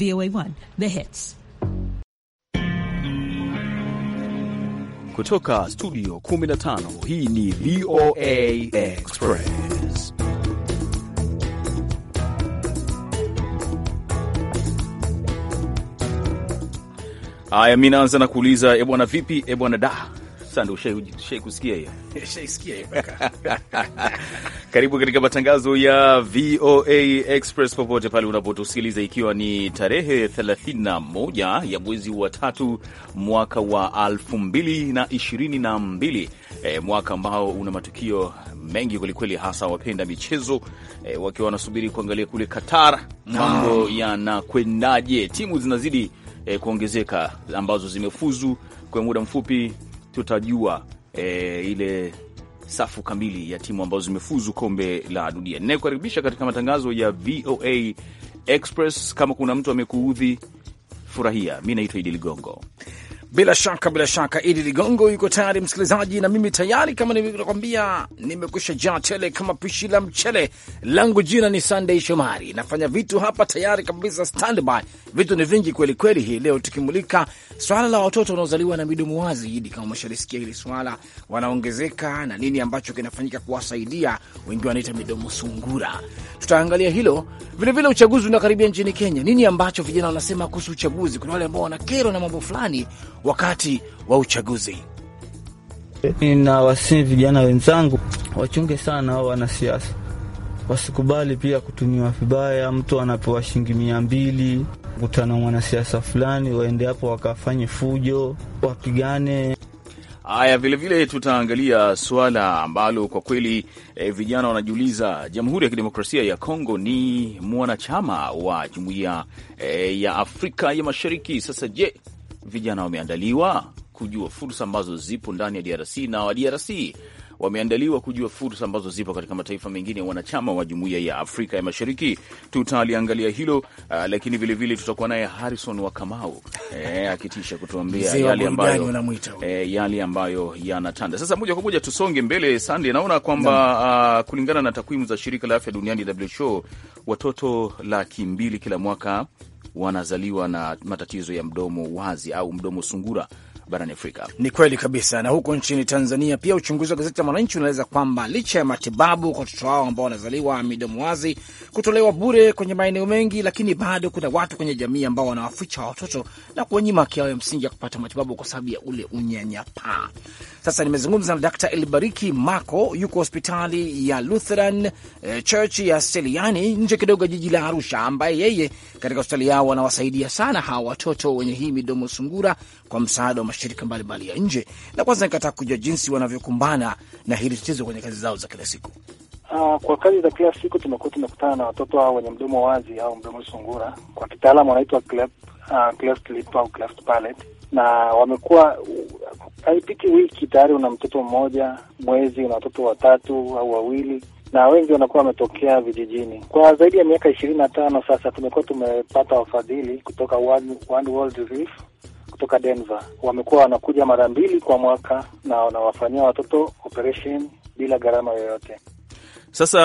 VOA1 The Hits. Kutoka studio 15 hii ni VOA Express. Aya, mi naanza na kuuliza ebwana, vipi ebwana da Sande, ushai kusikia hiyo? Ushaisikia hiyo kaka. Karibu katika matangazo ya VOA Express popote pale unapotusikiliza, ikiwa ni tarehe 31 ya mwezi wa tatu mwaka wa 2022 e, mwaka ambao una matukio mengi kwelikweli, hasa wapenda michezo e, wakiwa wanasubiri kuangalia kule Qatar mambo ah. yanakwendaje, timu zinazidi e, kuongezeka ambazo zimefuzu kwa muda mfupi tutajua e, ile safu kamili ya timu ambazo zimefuzu kombe la dunia. Ninayekukaribisha katika matangazo ya VOA Express. Kama kuna mtu amekuudhi, furahia. Mi naitwa Idi Ligongo bila shaka, bila shaka, Idi Ligongo yuko tayari msikilizaji, na mimi tayari, kama nilivyokwambia, nimekusha jaa tele kama pishi la mchele langu. Jina ni Sunday Shomari, nafanya vitu hapa tayari kabisa, standby. Vitu ni vingi kweli kweli hii leo, tukimulika swala la watoto wanaozaliwa na midomo wazi. Idi, kama umeshalisikia hili swala, wanaongezeka na nini ambacho kinafanyika kuwasaidia, wengi wanaita midomo sungura. Tutaangalia hilo vilevile. Vile uchaguzi unakaribia nchini Kenya, nini ambacho vijana wanasema kuhusu uchaguzi? Kuna wale ambao wana na mambo fulani wakati wa uchaguzi. Ninawasihi vijana wenzangu wachunge sana hao wanasiasa, wasikubali pia kutumiwa vibaya. Mtu anapewa shilingi mia mbili kutana mwanasiasa fulani, waende hapo wakafanye fujo, wapigane. Haya, vilevile tutaangalia suala ambalo kwa kweli e, vijana wanajiuliza. Jamhuri ya Kidemokrasia ya Kongo ni mwanachama wa Jumuiya e, ya Afrika ya Mashariki. Sasa je, vijana wameandaliwa kujua fursa ambazo zipo ndani ya DRC na wa DRC wameandaliwa kujua fursa ambazo zipo katika mataifa mengine wanachama wa jumuiya ya Afrika ya Mashariki. Tutaliangalia hilo uh, lakini vilevile tutakuwa naye Harrison wa Kamau e, eh, akitisha kutuambia yale ambayo, e, yale ambayo yanatanda sasa. Moja kwa moja tusonge mbele. Sande, naona kwamba uh, kulingana na takwimu za shirika la afya duniani WHO, watoto laki mbili kila mwaka wanazaliwa na matatizo ya mdomo wazi au mdomo sungura barani Afrika. Ni kweli kabisa. Na huko nchini Tanzania pia uchunguzi wa gazeti la Mwananchi unaeleza kwamba licha ya matibabu kwa watoto wao ambao wanazaliwa midomo wazi kutolewa bure kwenye maeneo mengi, lakini bado kuna watu kwenye jamii ambao wanawaficha watoto na kuwanyima haki yao ya msingi ya kupata matibabu kwa sababu ya ule unyanyapaa. Sasa nimezungumza na Dr Elbariki Mako, yuko hospitali ya Lutheran eh, Church ya Seliani nje kidogo ya jiji la Arusha, ambaye yeye katika hospitali yao wanawasaidia sana hawa watoto wenye hii midomo sungura kwa msaada wa mashirika mbalimbali ya nje, na kwanza nikataka kujua jinsi wanavyokumbana na hili tatizo kwenye kazi zao za kila siku. Uh, kwa kazi za kila siku tumekuwa tumekutana na watoto hao wenye mdomo wazi au mdomo sungura, kwa kitaalamu wanaitwa cleft, uh, cleft lip au cleft palate, na wamekuwa haipiti wiki tayari una mtoto mmoja, mwezi una watoto watatu au wawili na wengi wanakuwa wametokea vijijini. Kwa zaidi ya miaka ishirini na tano sasa tumekuwa tumepata wafadhili kutoka One, One World kutoka Denver. Wamekuwa wanakuja mara mbili kwa mwaka na wanawafanyia watoto operation bila gharama yoyote. Sasa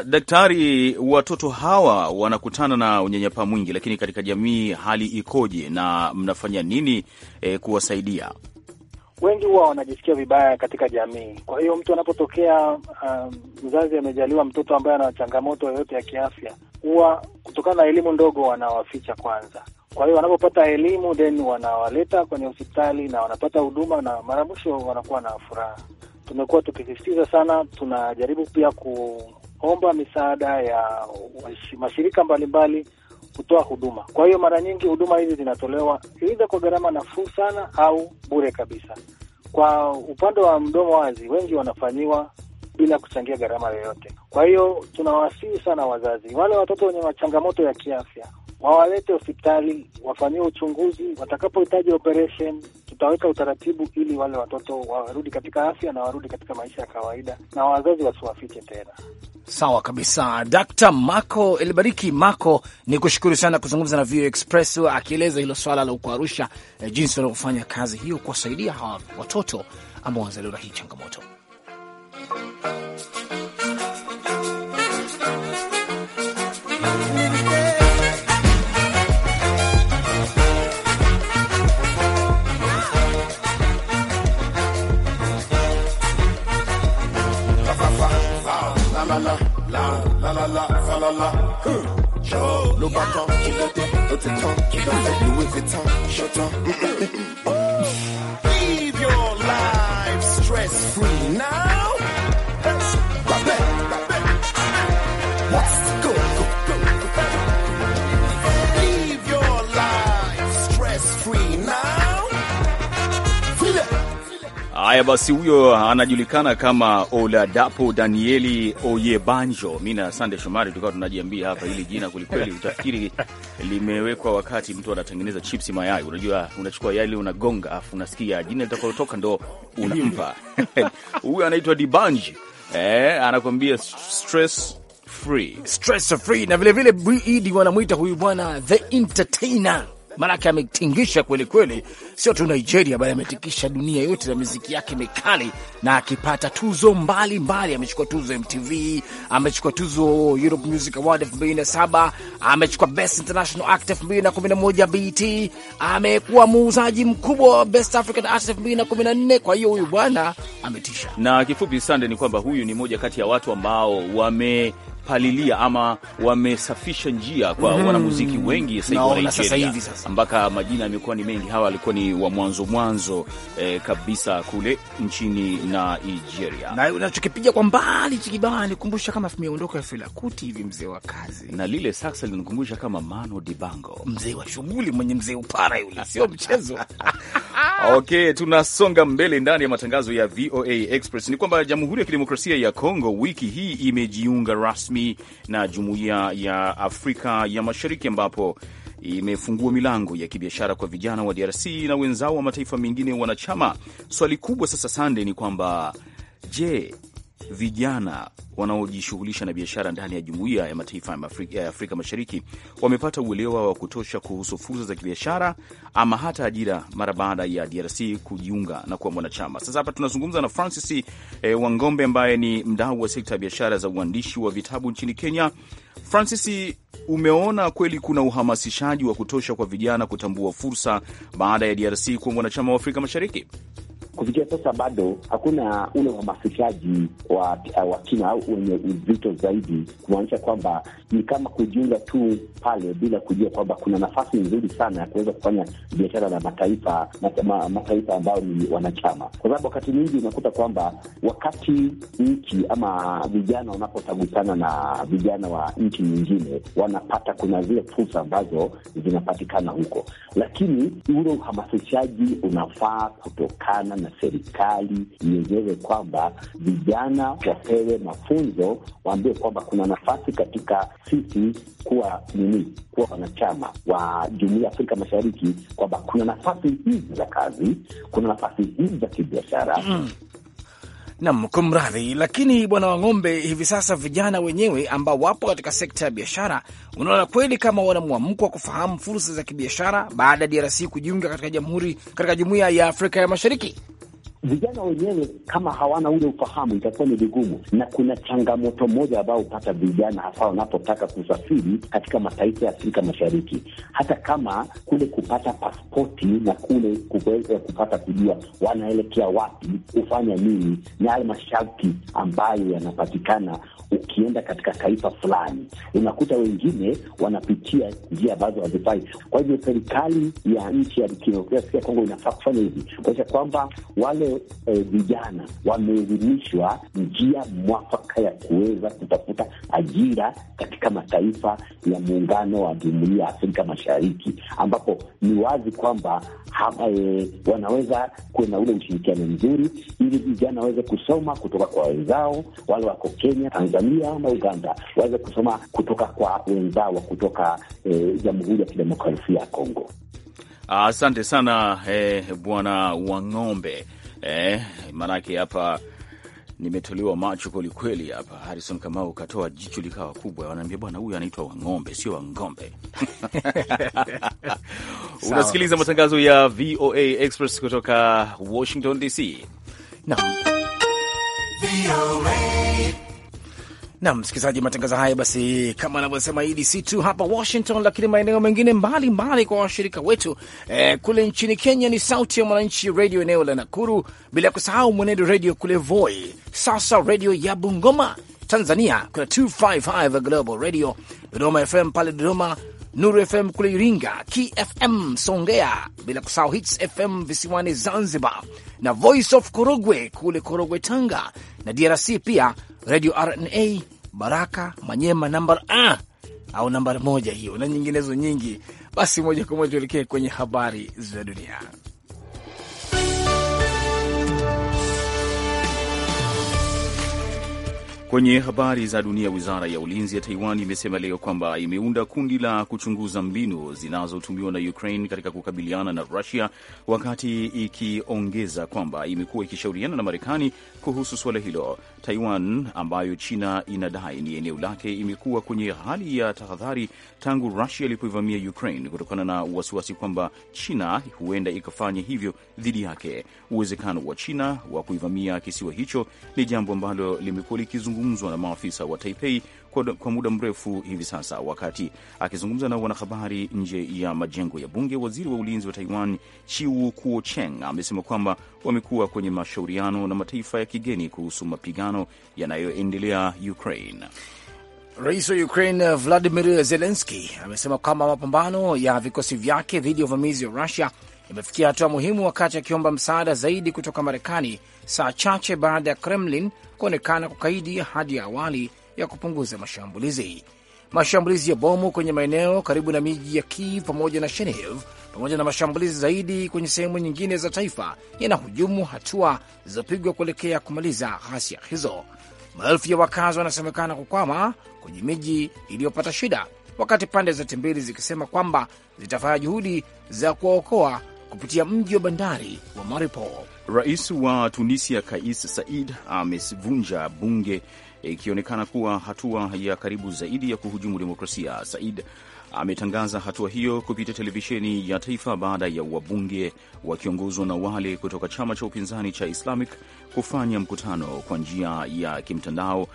uh, daktari, watoto hawa wanakutana na unyanyapaa mwingi, lakini katika jamii hali ikoje na mnafanya nini eh, kuwasaidia? Wengi huwa wanajisikia vibaya katika jamii. Kwa hiyo mtu anapotokea um, mzazi amejaliwa mtoto ambaye ana changamoto yoyote ya kiafya, huwa kutokana na elimu ndogo wanawaficha kwanza, kwa hiyo wanapopata elimu then wanawaleta kwenye hospitali na wanapata huduma, na mara mwisho wanakuwa na furaha. Tumekuwa tukisisitiza sana, tunajaribu pia kuomba misaada ya mashirika mbalimbali kutoa huduma. Kwa hiyo mara nyingi huduma hizi zinatolewa aidha kwa gharama nafuu sana au bure kabisa. Kwa upande wa mdomo wazi, wengi wanafanyiwa bila kuchangia gharama yoyote. Kwa hiyo tunawasihi sana wazazi, wale watoto wenye changamoto ya kiafya wawalete hospitali wafanyie uchunguzi. Watakapohitaji operation, tutaweka utaratibu ili wale watoto warudi katika afya na warudi katika maisha ya kawaida, na wazazi wasiwafiche tena. Sawa kabisa. dkt Mako Elibariki Mako, ni kushukuru sana kuzungumza na VOA Express, akieleza hilo swala la uko Arusha, eh, jinsi wanavyofanya kazi hiyo kuwasaidia hawa watoto ambao wanazaliwa na hii changamoto. falala, falala. Huh. Ló bá tán, kí ló dé, ó ti tán, kí ló dé, Louis Vuitton, ṣọ́tán. Live your life stress free now. Haya basi, huyo anajulikana kama Oladapo Danieli Oyebanjo. Mi na Sande Shomari tulikuwa tunajiambia hapa hili jina kwelikweli, utafikiri limewekwa wakati mtu anatengeneza chipsi mayai. Unajua, unachukua yale unagonga, afu unasikia jina litakalotoka ndo unampa huyo. Anaitwa Dibanji eh, anakuambia stress free, stress free na vilevile bd e wanamwita huyu bwana the entertainer maanake ametingisha kweli kweli, sio tu Nigeria bali ametikisha dunia yote na miziki yake mikali, na akipata tuzo mbalimbali. Amechukua tuzo MTV, amechukua tuzo Europe Music Award 2007, amechukua Best International Act 2011 BT, amekuwa muuzaji mkubwa wa Best African Artist 2014. Kwa hiyo huyu bwana ametisha, na kifupi sande ni kwamba huyu ni moja kati ya watu ambao wame wamepalilia ama wamesafisha njia kwa mm -hmm. wanamuziki wengi sasa hivi mpaka majina yamekuwa ni mengi. Hawa walikuwa ni wa mwanzo mwanzo eh, kabisa kule nchini na Nigeria, na unachokipiga kwa mbali chikibaa nikumbusha kama imeondoka ya Kuti hivi mzee wa kazi, na lile sasa linakumbusha kama Mano Dibango, mzee wa shughuli, mwenye mzee upara yule, sio mchezo Okay, tunasonga mbele ndani ya matangazo ya VOA Express. Ni kwamba Jamhuri ya Kidemokrasia ya Kongo wiki hii imejiunga rasmi rasmi na Jumuiya ya Afrika ya Mashariki ambapo imefungua milango ya kibiashara kwa vijana wa DRC na wenzao wa mataifa mengine wanachama. Swali kubwa sasa, Sande, ni kwamba je, vijana wanaojishughulisha na biashara ndani ya Jumuiya ya Mataifa ya Afrika Mashariki wamepata uelewa wa kutosha kuhusu fursa za kibiashara ama hata ajira mara baada ya DRC kujiunga na kuwa mwanachama. Sasa hapa tunazungumza na Francis e, Wangombe ambaye ni mdau wa sekta ya biashara za uandishi wa vitabu nchini Kenya. Francis, umeona kweli kuna uhamasishaji wa kutosha kwa vijana kutambua fursa baada ya DRC kuwa mwanachama wa Afrika Mashariki? kufikia sasa bado hakuna ule uhamasishaji wa, uh, wa kina au wenye uzito zaidi, kumaanisha kwamba ni kama kujiunga tu pale bila kujua kwamba kuna nafasi nzuri sana ya kuweza kufanya biashara na mataifa ma, mataifa ambayo ni wanachama, kwa sababu wakati mwingi unakuta kwamba wakati nchi ama vijana wanapotagusana na vijana wa nchi nyingine, wanapata kuna zile fursa ambazo zinapatikana huko, lakini ule uhamasishaji unafaa kutokana na serikali yenyewe kwamba vijana wapewe mafunzo, waambie kwamba kuna nafasi katika sisi kuwa nini, kuwa wanachama wa jumuiya ya Afrika Mashariki, kwamba kuna nafasi hizi za kazi, kuna nafasi hizi za kibiashara mm. Nam, kumradhi. Lakini bwana Wang'ombe, hivi sasa vijana wenyewe ambao wapo katika sekta ya biashara, unaona kweli kama wana mwamko wa kufahamu fursa za kibiashara baada ya DRC kujiunga katika jamhuri katika jumuiya ya Afrika ya Mashariki? vijana wenyewe kama hawana ule ufahamu, itakuwa ni vigumu. Na kuna changamoto moja ambayo hupata vijana hasa wanapotaka kusafiri katika mataifa ya Afrika Mashariki, hata kama kule kupata paspoti na kule kuweza kupata kujua wanaelekea wapi, hufanya nini, na yale masharti ambayo yanapatikana ukienda katika taifa fulani, unakuta wengine wanapitia njia ambazo hazifai. Kwa hivyo serikali ya nchi ya Kidemokrasia ya Kongo inafaa kufanya hivi kuonyesha kwamba wale wale eh, vijana wameelimishwa njia mwafaka ya kuweza kutafuta ajira katika mataifa ya muungano wa jumuiya ya Afrika Mashariki, ambapo ni wazi kwamba hapa e, wanaweza kuwe na ule ushirikiano mzuri, ili vijana waweze kusoma kutoka kwa wenzao wale wako Kenya, Tanzania na Uganda, waweze kusoma kutoka kwa wenzao kutoka e, Jamhuri ya Kidemokrasia ya Kongo. Asante sana eh, Bwana Wang'ombe eh, maanake hapa nimetolewa macho kwelikweli hapa. Harison Kamau katoa jicho likawa kubwa, wanaambia bwana, huyu anaitwa Wang'ombe sio Wangombe. Unasikiliza matangazo ya VOA Express kutoka Washington DC. no nam msikilizaji, matangazo haya basi, kama anavyosema Idi, si tu hapa Washington, lakini maeneo mengine mbalimbali mbali kwa washirika wetu eh, kule nchini Kenya ni Sauti ya Mwananchi Radio eneo la Nakuru, bila ya kusahau Mwenedo Radio kule Voi, sasa radio ya Bungoma. Tanzania kuna 255 Global Radio, Dodoma FM pale Dodoma Nuru FM kule Iringa, KFM Songea, bila kusahau Hits FM visiwani Zanzibar, na Voice of Korogwe kule Korogwe Tanga, na DRC pia Radio RNA Baraka Manyema nambar a au nambar moja hiyo, na nyinginezo nyingi. Basi moja kwa moja tuelekee kwenye habari za dunia. Kwenye habari za dunia, wizara ya ulinzi ya Taiwan imesema leo kwamba imeunda kundi la kuchunguza mbinu zinazotumiwa na Ukraine katika kukabiliana na Rusia, wakati ikiongeza kwamba imekuwa ikishauriana na Marekani kuhusu suala hilo. Taiwan ambayo China inadai ni eneo lake, imekuwa kwenye hali ya tahadhari tangu Rusia ilipoivamia Ukraine kutokana na wasiwasi kwamba China huenda ikafanya hivyo dhidi yake. Uwezekano wa China wa kuivamia kisiwa hicho ni jambo ambalo limekuwa likizungumzwa yakizungumzwa na maafisa wa Taipei kwa, kwa muda mrefu hivi sasa. Wakati akizungumza na wanahabari nje ya majengo ya bunge, waziri wa ulinzi wa Taiwan Chiu Kuo-cheng amesema kwamba wamekuwa kwenye mashauriano na mataifa ya kigeni kuhusu mapigano yanayoendelea Ukraine. Rais wa Ukraine Vladimir Zelenski amesema kwamba mapambano ya vikosi vyake dhidi ya uvamizi wa Rusia imefikia hatua muhimu wakati akiomba msaada zaidi kutoka Marekani saa chache baada ya Kremlin kuonekana kukaidi ahadi ya awali ya kupunguza mashambulizi. Mashambulizi ya bomu kwenye maeneo karibu na miji ya Kiev pamoja na Chernihiv pamoja na mashambulizi zaidi kwenye sehemu nyingine za taifa yanahujumu hatua zilizopigwa kuelekea kumaliza ghasia hizo. Maelfu ya wakazi wanasemekana kukwama kwenye miji iliyopata shida, wakati pande zote mbili zikisema kwamba zitafanya juhudi za kuwaokoa kupitia mji wa bandari wa Mariupol. Rais wa Tunisia Kais Said amevunja bunge ikionekana kuwa hatua ya karibu zaidi ya kuhujumu demokrasia. Said ametangaza hatua hiyo kupitia televisheni ya taifa baada ya wabunge wakiongozwa na wale kutoka chama cha upinzani cha Islamic kufanya mkutano kwa njia ya kimtandao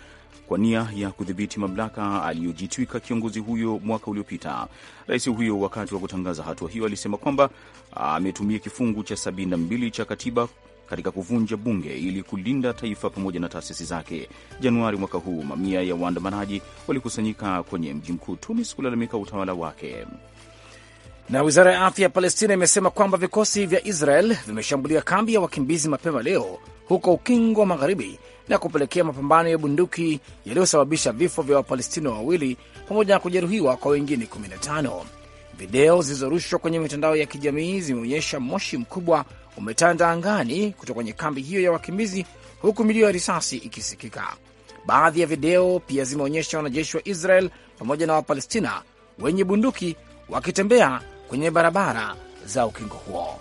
kwa nia ya kudhibiti mamlaka aliyojitwika kiongozi huyo mwaka uliopita. Rais huyo wakati wa kutangaza hatua hiyo alisema kwamba ametumia kifungu cha 72 cha katiba katika kuvunja bunge ili kulinda taifa pamoja na taasisi zake. Januari mwaka huu, mamia ya waandamanaji walikusanyika kwenye mji mkuu Tunis kulalamika utawala wake. Na wizara ya afya ya Palestina imesema kwamba vikosi vya Israel vimeshambulia kambi ya wakimbizi mapema leo huko ukingo wa magharibi na kupelekea mapambano ya bunduki yaliyosababisha vifo vya Wapalestina wawili pamoja na kujeruhiwa kwa wengine 15. Video zilizorushwa kwenye mitandao ya kijamii zimeonyesha moshi mkubwa umetanda angani kutoka kwenye kambi hiyo ya wakimbizi, huku milio ya risasi ikisikika. Baadhi ya video pia zimeonyesha wanajeshi wa Israel pamoja na Wapalestina wenye bunduki wakitembea kwenye barabara za ukingo huo.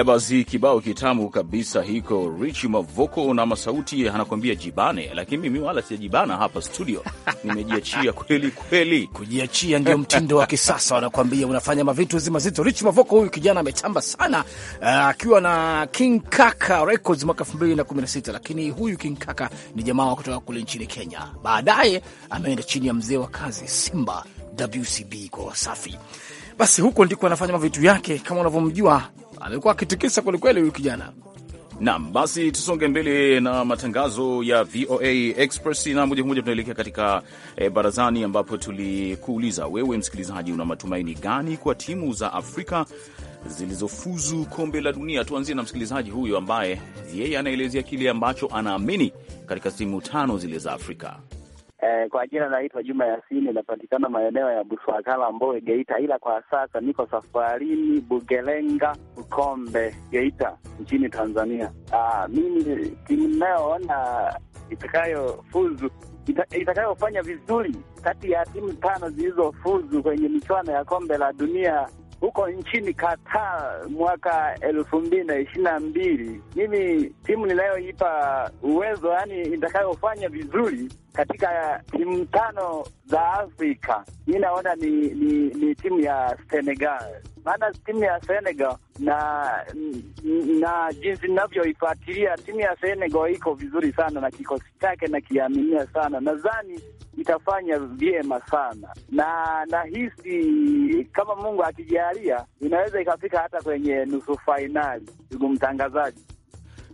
Haya basi, kibao kitamu kabisa hiko Rich Mavoko na masauti anakwambia jibane, lakini mimi wala sijajibana hapa studio, nimejiachia kweli kweli. Kujiachia ndio mtindo wa kisasa, wanakwambia unafanya mavitu zima zito. Rich Mavoko huyu kijana ametamba sana eh, akiwa uh, na King Kaka Records mwaka 2016 lakini huyu King Kaka ni jamaa kutoka kule nchini Kenya, baadaye ameenda chini ya mzee wa kazi Simba WCB kwa Wasafi. Basi huko ndiko anafanya mavitu yake, kama unavyomjua amekuwa akitikisa kwelikweli huyu kijana. Nam, basi tusonge mbele na matangazo ya VOA Express na moja kwa moja tunaelekea katika e, barazani ambapo tulikuuliza wewe msikilizaji, una matumaini gani kwa timu za Afrika zilizofuzu kombe la dunia? Tuanzie na msikilizaji huyo ambaye yeye anaelezea kile ambacho anaamini katika timu tano zile za Afrika. Eh, kwa jina naitwa Juma Yasini, inapatikana maeneo ya Buswakala, Mbowe, Geita, ila kwa sasa niko safarini Bugelenga, Ukombe, Geita nchini Tanzania. Ah, mimi timu inayoona itakayofuzu ita, itakayofanya vizuri kati ya timu tano zilizofuzu kwenye michuano ya kombe la dunia huko nchini Qatar mwaka elfu mbili na ishirini na mbili. Mimi timu ninayoipa uwezo, yani itakayofanya vizuri katika timu tano za Afrika, mi naona ni, ni, ni timu ya Senegal, maana timu ya Senegal na na jinsi ninavyoifuatilia timu ya Senegal iko vizuri sana na kikosi chake nakiaminia sana, nadhani itafanya vyema sana na nahisi kama Mungu akijalia inaweza ikafika hata kwenye nusu fainali. Ndugu mtangazaji.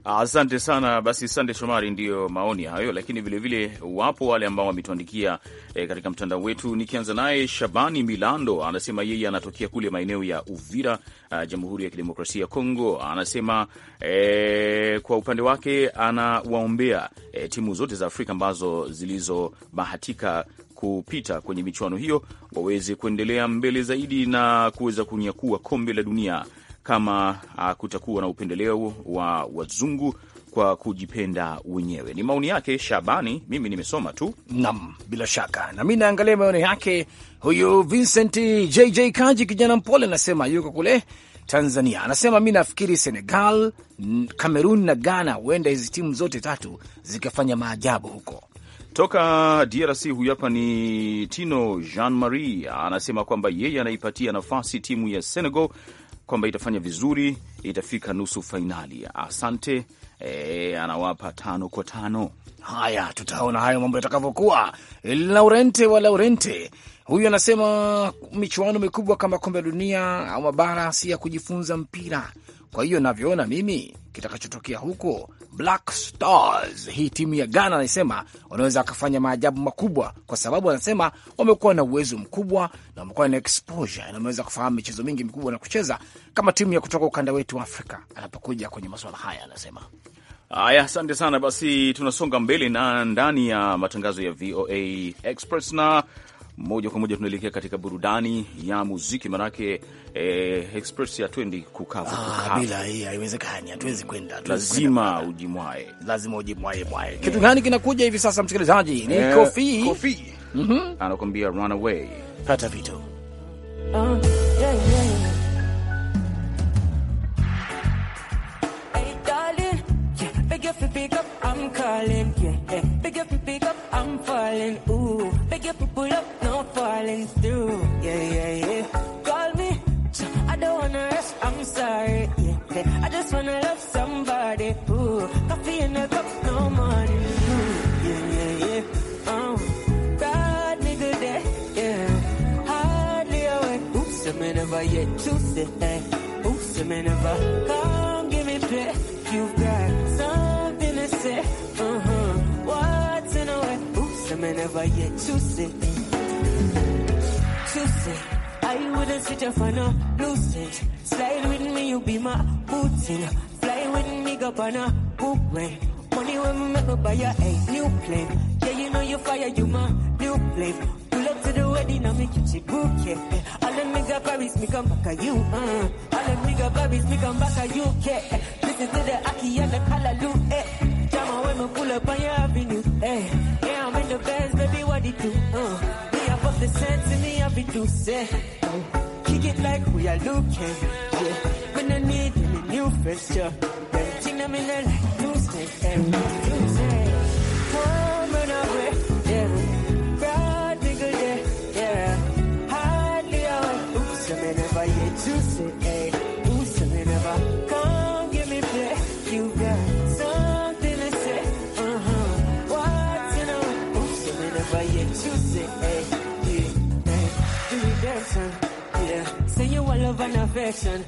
Asante sana. Basi sande Shomari, ndiyo maoni hayo, lakini vilevile vile, wapo wale ambao wametuandikia e, katika mtandao wetu. Nikianza naye Shabani Milando anasema yeye anatokea kule maeneo ya Uvira, eh, Jamhuri ya Kidemokrasia ya Kongo. Anasema e, kwa upande wake anawaombea e, timu zote za Afrika ambazo zilizobahatika kupita kwenye michuano hiyo waweze kuendelea mbele zaidi na kuweza kunyakua kombe la dunia kama uh, kutakuwa na upendeleo wa wazungu kwa kujipenda wenyewe. Ni maoni yake Shabani, mimi nimesoma tu. Naam, bila shaka na mi naangalia maoni yake huyu Vincent JJ Kaji, kijana mpole, anasema yuko kule Tanzania. Anasema mi nafikiri Senegal, Kamerun na Ghana, huenda hizi timu zote tatu zikafanya maajabu huko. Toka DRC huyu hapa ni Tino Jean Marie, anasema kwamba yeye anaipatia nafasi timu ya Senegal kwamba itafanya vizuri, itafika nusu fainali. Asante. E, anawapa tano kwa tano. Haya, tutaona hayo mambo yatakavyokuwa. Laurente wa Laurente huyu anasema michuano mikubwa kama kombe la dunia au mabara si ya kujifunza mpira. Kwa hiyo navyoona mimi, kitakachotokea huko Black Stars, hii timu ya Ghana anasema wanaweza wakafanya maajabu makubwa, kwa sababu anasema wamekuwa na uwezo mkubwa na wamekuwa na exposure na wameweza kufahamu michezo mingi mikubwa na kucheza kama timu ya kutoka ukanda wetu wa Afrika anapokuja kwenye masuala haya, anasema Haya, asante sana. Basi tunasonga mbele na ndani ya matangazo ya VOA Express na moja kwa moja tunaelekea katika burudani ya muziki, manake eh, express hatuendi kukavu ah, bila hii haiwezekani, hatuwezi kwenda, lazima ujimwae, lazima ujimwae mwae. Yeah. Mm. Kitu gani kinakuja hivi sasa, msikilizaji? Ni eh, Kofi, Kofi. Mm -hmm. Anakuambia runaway, pata vitu uh, yeah, yeah. Hey, darling, yeah, pick up, I'm calling, yeah, yeah, pick up, pick up. I'm falling, ooh. Beg your people up, no falling through. Yeah, yeah, yeah. Call me, I don't wanna rush, I'm sorry. Yeah, yeah. I just wanna love somebody, ooh. Coffee in a cup, no money. Yeah, yeah, yeah. Oh, proud nigga yeah. Hardly awake. Oops, I never yet to it, eh. Oops, I may never. Come give me play, you got. women never yet too sick. Too sick. I wouldn't switch up for no losing. Slide with me, you be my booting. Fly with me, go on a book ring. Money when we make me buy a hey, new plane. Yeah, you know you fire, you my new flame. Pull up to the wedding, I make you cheap bouquet. All them nigga Paris, me come back at you. Uh. All them nigga Paris, me come back at you. Listen to the Aki and the Callaloo. Eh when we pull up on your avenue. Hey, yeah, I'm in the Benz, baby, what it do? Uh, me above the sense and me have it to say. kick it like we are looking. Yeah, we no need any new fixture. Yeah, I'm in no like, new snake, hey, connection.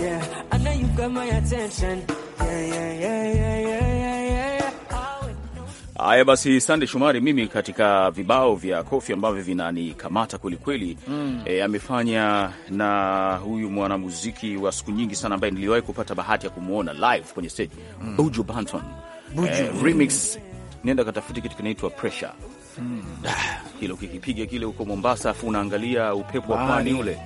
Yeah, I know you got my attention. Yeah, yeah, yeah, yeah, yeah, Haya basi, Sande Shumari, mimi katika vibao vya Kofi ambavyo vinanikamata kwelikweli mm. E, amefanya na huyu mwanamuziki wa siku nyingi sana ambaye niliwahi kupata bahati ya kumwona live kwenye stage mm. Buju Banton Buju. e, remix nenda katafuti kitu kinaitwa pressure mm. hilo mm. Kikipiga kile huko Mombasa, afu unaangalia upepo wa pwani ule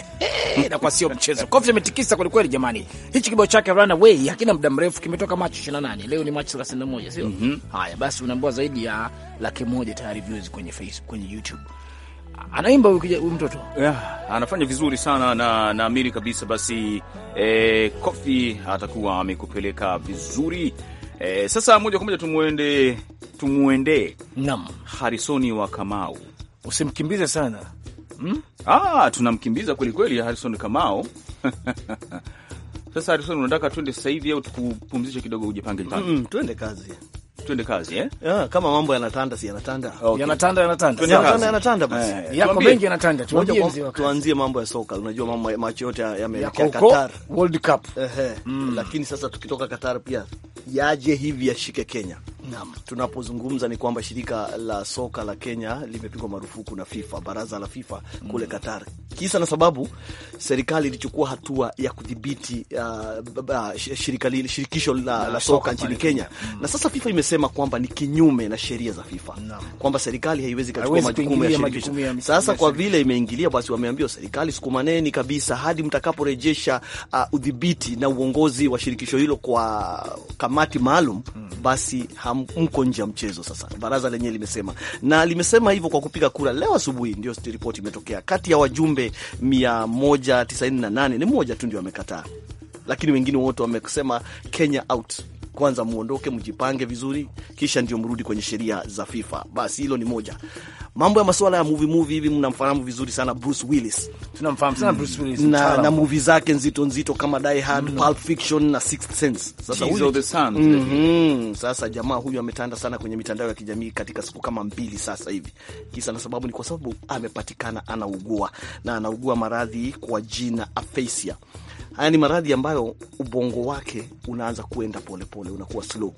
na kwa sio mchezo. Kofi ametikisa kweli jamani. Hichi kibao chake Runaway hakina muda mrefu, kimetoka Machi 28, leo ni Machi 31, sio? mm -hmm. Haya basi, unaambua zaidi ya laki moja tayari views kwenye Facebook, kwenye YouTube anaimba huyu mtoto yeah, anafanya vizuri sana na naamini kabisa basi eh, Kofi atakuwa amekupeleka vizuri eh. Sasa moja kwa moja tumuende tumuende. naam, Harisoni wa Kamau, usimkimbize sana Hmm? Ah, tunamkimbiza kwelikweli Harison Kamao Sasa Harison, unataka twende sasa hivi au tukupumzishe kidogo ujipange? Mm, kazi. Twende kazi eh? Yeah, kama mambo yanatanda si yanatanda. Okay. Yanatanda yanatanda. kazi. Yanatanda yanatanda basi. Eh, eh. yako mengi yanatanda. Tuanzie mzee wa mambo ya soka. Unajua mambo ya macho yote yameelekea Qatar World Cup. Ehe. Mm. Lakini sasa tukitoka Qatar pia yaje hivi yashike Kenya. Naam. Tunapozungumza ni kwamba shirika la soka la Kenya limepigwa marufuku na FIFA, baraza la FIFA kule mm. Qatar. Kisa na sababu serikali ilichukua hatua ya kudhibiti uh, shirika lile shirikisho la, la soka nchini Kenya. Mm. Na sasa FIFA ime kusema kwamba ni kinyume na sheria za FIFA no. kwamba serikali haiwezi kuchukua majukumu ya shirikisho. Sasa kwa vile imeingilia, basi wameambiwa serikali, sukumaneni kabisa hadi mtakaporejesha uh, udhibiti na uongozi wa shirikisho hilo kwa kamati maalum hmm. basi hamko nje ya mchezo. Sasa baraza lenyewe limesema, na limesema hivyo kwa kupiga kura leo asubuhi, ndio ripoti imetokea. Kati ya wajumbe 198 ni mmoja tu ndio amekataa, lakini wengine wote wamesema Kenya out kwanza muondoke, mjipange vizuri, kisha ndio mrudi kwenye sheria za FIFA. Basi hilo ni moja. Mambo ya masuala ya movie movie hivi, mnamfahamu vizuri sana Bruce Willis. Tunamfahamu sana Bruce Willis na, na movie zake nzito nzito kama Die Hard, mm. Pulp Fiction na Sixth Sense. Sasa huyu the sun, mm -hmm. Sasa jamaa huyu ametanda sana kwenye mitandao ya kijamii katika siku kama mbili sasa hivi. Kisa na sababu ni kwa sababu amepatikana anaugua na anaugua maradhi kwa jina aphasia Haya ni maradhi ambayo ubongo wake unaanza kuenda polepole, unakuwa slow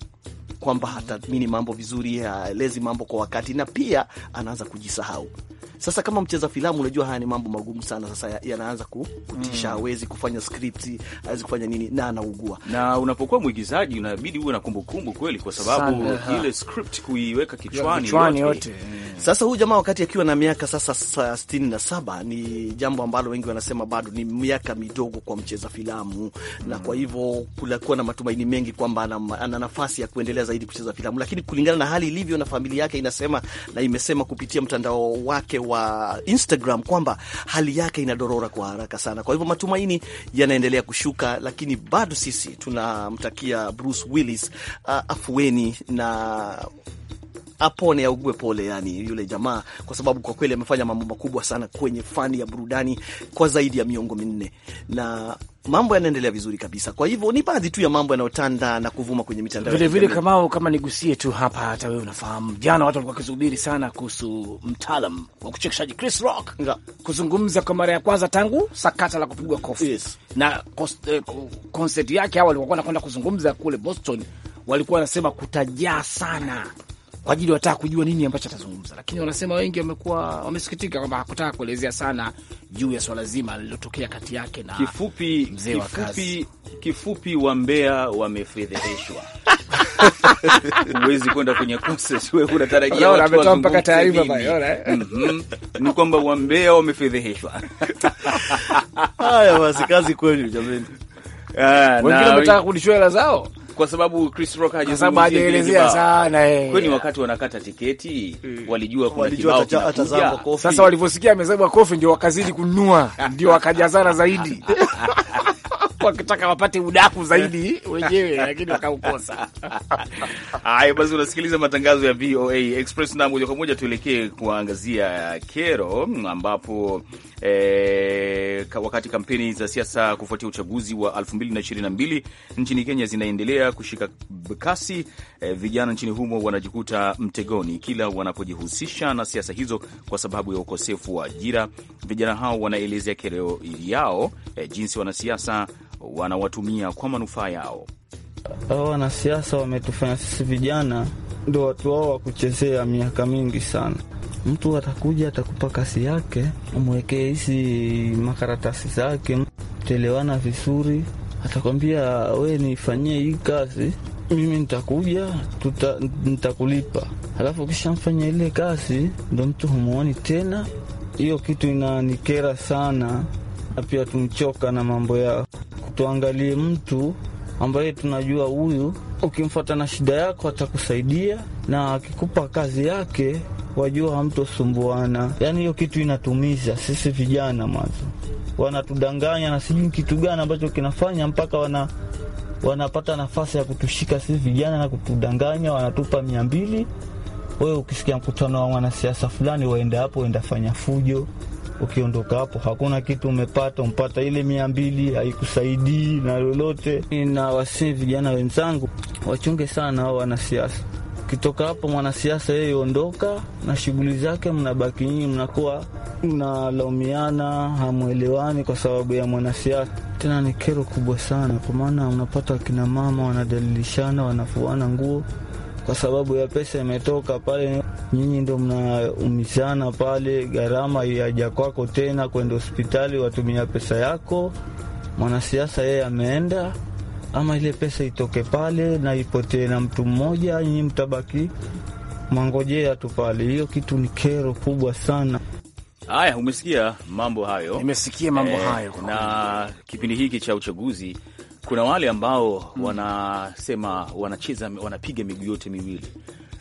kwamba hatathmini mambo vizuri, haelezi mambo kwa wakati, na pia anaanza kujisahau. Sasa kama mcheza filamu, unajua haya ni mambo magumu sana. Sasa yanaanza kutisha, mm. hawezi kufanya skripti, hawezi kufanya nini, na anaugua. Na unapokuwa mwigizaji, unabidi uwe na kumbukumbu kweli, kwa sababu ile skripti kuiweka kichwani yote mm. Sasa huyu jamaa wakati akiwa na miaka sasa sitini na saba ni jambo ambalo wengi wanasema bado ni miaka midogo kwa mcheza filamu, na kwa hivyo kunakuwa na matumaini mengi kwamba ana nafasi ya kuendelea zaidi kucheza filamu, lakini kulingana na hali ilivyo na familia yake inasema na imesema kupitia mtandao wake wa Instagram kwamba hali yake inadorora kwa haraka sana. Kwa hivyo matumaini yanaendelea kushuka, lakini bado sisi tunamtakia Bruce Willis uh, afueni na apone augue pole, yani yule jamaa, kwa sababu kwa kweli amefanya mambo makubwa sana kwenye fani ya burudani kwa zaidi ya miongo minne na mambo yanaendelea vizuri kabisa. Kwa hivyo ni baadhi tu ya mambo yanayotanda na kuvuma kwenye mitandao vile vile. Kama kama nigusie tu hapa, hata wewe unafahamu, jana watu walikuwa wakisubiri sana kuhusu mtaalam wa kuchekeshaji Chris Rock Nga. kuzungumza kwa mara ya kwanza tangu sakata la kupigwa kofi yes. na konseti eh, yake hao walikuwa wanakwenda kuzungumza kule Boston, walikuwa wanasema kutajaa sana kwa ajili wataka kujua nini ambacho atazungumza, lakini wanasema wengi wamekuwa wamesikitika kwamba hakutaka kuelezea sana juu ya swala zima lililotokea kati yake na kifupi, mzee wa kifupi, kifupi wa Mbeya wamefedheheshwa huwezi kwenda kwenye unatarajia mpaka taarifa eh? mhm. ni kwamba wambea wamefedheheshwa. Haya basi, kazi kwenu jamani, ah, wengine wametaka kulishwa hela zao kwa sababu Chris Rock hajaelezea sana eh, kwani wakati wanakata tiketi mm, walijua kuna kibao kofi. Sasa walivyosikia amezabwa kofi ndio wakazidi kununua, ndio wakajazana zaidi wakitaka wapate udaku zaidi wenyewe, lakini wakaukosa. Haya basi, unasikiliza matangazo ya VOA Express na moja kwa moja tuelekee kuangazia kero, ambapo e, wakati kampeni za siasa kufuatia uchaguzi wa 2022 nchini Kenya zinaendelea kushika kasi, e, vijana nchini humo wanajikuta mtegoni kila wanapojihusisha na siasa hizo kwa sababu ya ukosefu wa ajira. Vijana hao wanaelezea kero yao, e, jinsi wanasiasa wanawatumia kwa manufaa yao hao wanasiasa wametufanya sisi vijana ndo watu wao wa kuchezea miaka mingi sana. Mtu atakuja atakupa kazi yake, umwekee hizi makaratasi zake, telewana vizuri, atakwambia we nifanyie hii kazi, mimi nitakuja tuta, nitakulipa. Alafu kishamfanya ile kazi, ndo mtu humwoni tena. Hiyo kitu inanikera sana, na pia tumchoka na mambo yao, tuangalie mtu ambaye tunajua huyu ukimfuata na shida yako atakusaidia, na akikupa kazi yake wajua hamtosumbuana. Yaani hiyo kitu inatumiza sisi vijana, mwanzo wanatudanganya na sijui kitu gani ambacho kinafanya mpaka wana wanapata nafasi ya kutushika sisi vijana na kutudanganya, wanatupa mia mbili. Wewe ukisikia mkutano wa mwanasiasa fulani, waenda hapo, waenda fanya fujo Ukiondoka hapo hakuna kitu umepata, umpata ile mia mbili haikusaidii na lolote. Na vijana wenzangu wachunge sana hao wanasiasa. Ukitoka hapo mwanasiasa yeye ondoka na shughuli zake, mnabaki nyinyi, mnakuwa mnalaumiana, hamwelewani kwa sababu ya mwanasiasa. Tena ni kero kubwa sana, kwa maana unapata wakinamama wanadalilishana, wanafuana nguo kwa sababu ya pesa imetoka pale, nyinyi ndo mnaumizana pale, gharama yaja kwako tena kwenda hospitali, watumia pesa yako. Mwanasiasa yeye ameenda, ama ile pesa itoke pale na ipotee na mtu mmoja, nyinyi mtabaki mwangojea tu pale. Hiyo kitu ni kero kubwa sana. Haya, umesikia mambo hayo, nimesikia mambo eh, hayo na kipindi hiki cha uchaguzi kuna wale ambao wanasema wanacheza, wanapiga miguu yote miwili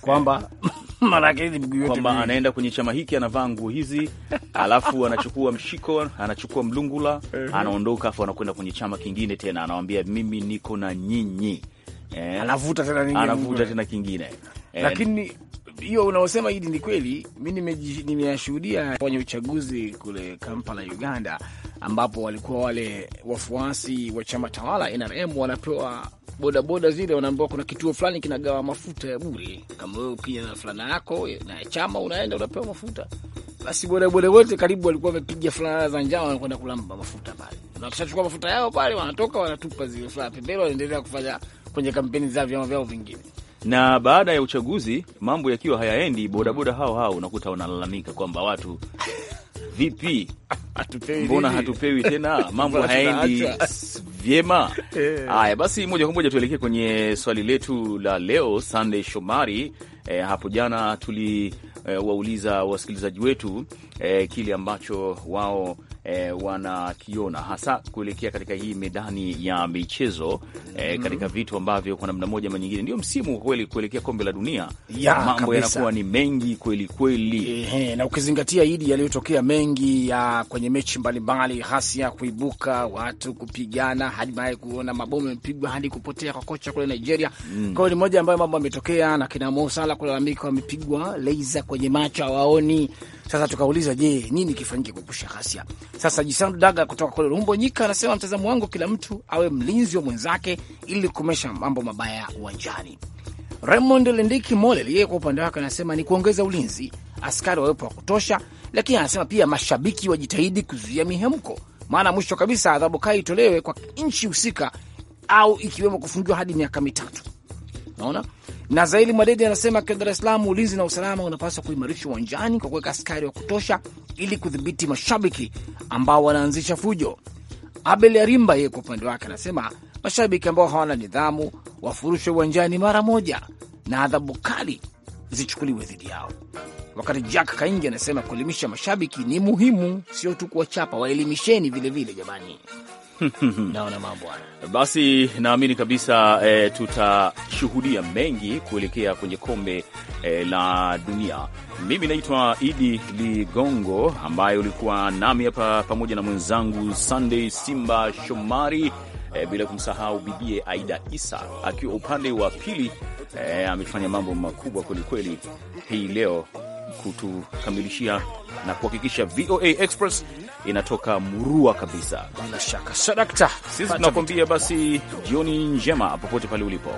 kwamba kwamba anaenda kwenye chama hiki anavaa nguo hizi, alafu anachukua mshiko, anachukua mlungula, anaondoka, afu anakwenda kwenye chama kingine tena, anawambia mimi niko na nyinyi, eh. anavuta tena, anavuta tena kingine, eh. lakini hiyo unaosema hili ni kweli. Mi nimeyashuhudia kwenye uchaguzi kule Kampala, Uganda, ambapo walikuwa wale wafuasi wa chama tawala NRM wanapewa bodaboda zile, wanaambiwa kuna kituo fulani kinagawa mafuta ya bure, kama wewe na fulana yako na chama unaenda unapewa mafuta. Basi bodaboda wote karibu walikuwa wamepiga fulana za njano, wanakwenda kulamba mafuta pale, na wakishachukua mafuta yao pale wanatoka wanatupa zile fulana pembeni, wanaendelea kufanya kwenye kampeni za vyama vyao vingine na baada ya uchaguzi mambo yakiwa hayaendi, bodaboda hao hao unakuta wanalalamika kwamba watu vipi, mbona hatupewi tena, mambo hayaendi vyema. Eh. Haya basi, moja kwa moja tuelekee kwenye swali letu la leo. Sandey Shomari, eh, hapo jana tuli E, wauliza wasikilizaji wetu e, kile ambacho wao e, wanakiona hasa kuelekea katika hii medani ya michezo e, katika vitu ambavyo kwa namna moja ama nyingine ndio msimu kweli kuelekea kombe la dunia ya, mambo yanakuwa ni mengi kweli kweli, ehe, na ukizingatia idi yaliyotokea mengi ya kwenye mechi mbalimbali, ghasia kuibuka, watu kupigana, hadi kuona mabomu yamepigwa hadi kupotea kwa kocha kule Nigeria. Mm. Kwa ni moja ambayo mambo yametokea na kina Mo Salah kulalamika wamepigwa laser kwenye macho hawaoni sasa tukauliza, je, nini kifanyike kuepusha ghasia? Sasa Jisandu Daga kutoka kule Rumbo Nyika anasema mtazamo wangu, kila mtu awe mlinzi wa mwenzake ili kukomesha mambo mabaya uwanjani. Raymond Lendiki Molel yeye kwa upande wake anasema ni kuongeza ulinzi, askari wawepo wa kutosha, lakini anasema pia mashabiki wajitahidi kuzuia mihemko, maana mwisho kabisa adhabu kali itolewe kwa nchi husika, au ikiwemo kufungiwa hadi miaka mitatu. Naona na Zaili Mwadedi anasema kwa Dar es Salaam, ulinzi na usalama unapaswa kuimarishwa uwanjani kwa kuweka askari wa kutosha ili kudhibiti mashabiki ambao wanaanzisha fujo. Abel Arimba yeye kwa upande wake anasema mashabiki ambao hawana nidhamu wafurushwe uwanjani mara moja na adhabu kali zichukuliwe dhidi yao. Wakati Jack Kaingi anasema kuelimisha mashabiki ni muhimu, sio tu kuwachapa, waelimisheni vilevile jamani. naona mambo basi, naamini kabisa e, tutashuhudia mengi kuelekea kwenye kombe e, la dunia. Mimi naitwa Idi Ligongo, ambaye ulikuwa nami hapa pamoja na mwenzangu Sunday Simba Shomari, e, bila kumsahau bibie Aida Isa akiwa upande wa pili. E, amefanya mambo makubwa kwelikweli hii leo kutukamilishia na kuhakikisha VOA Express inatoka murua kabisa. Bila shaka sadakta, sisi tunakuambia basi jioni njema popote pale ulipo.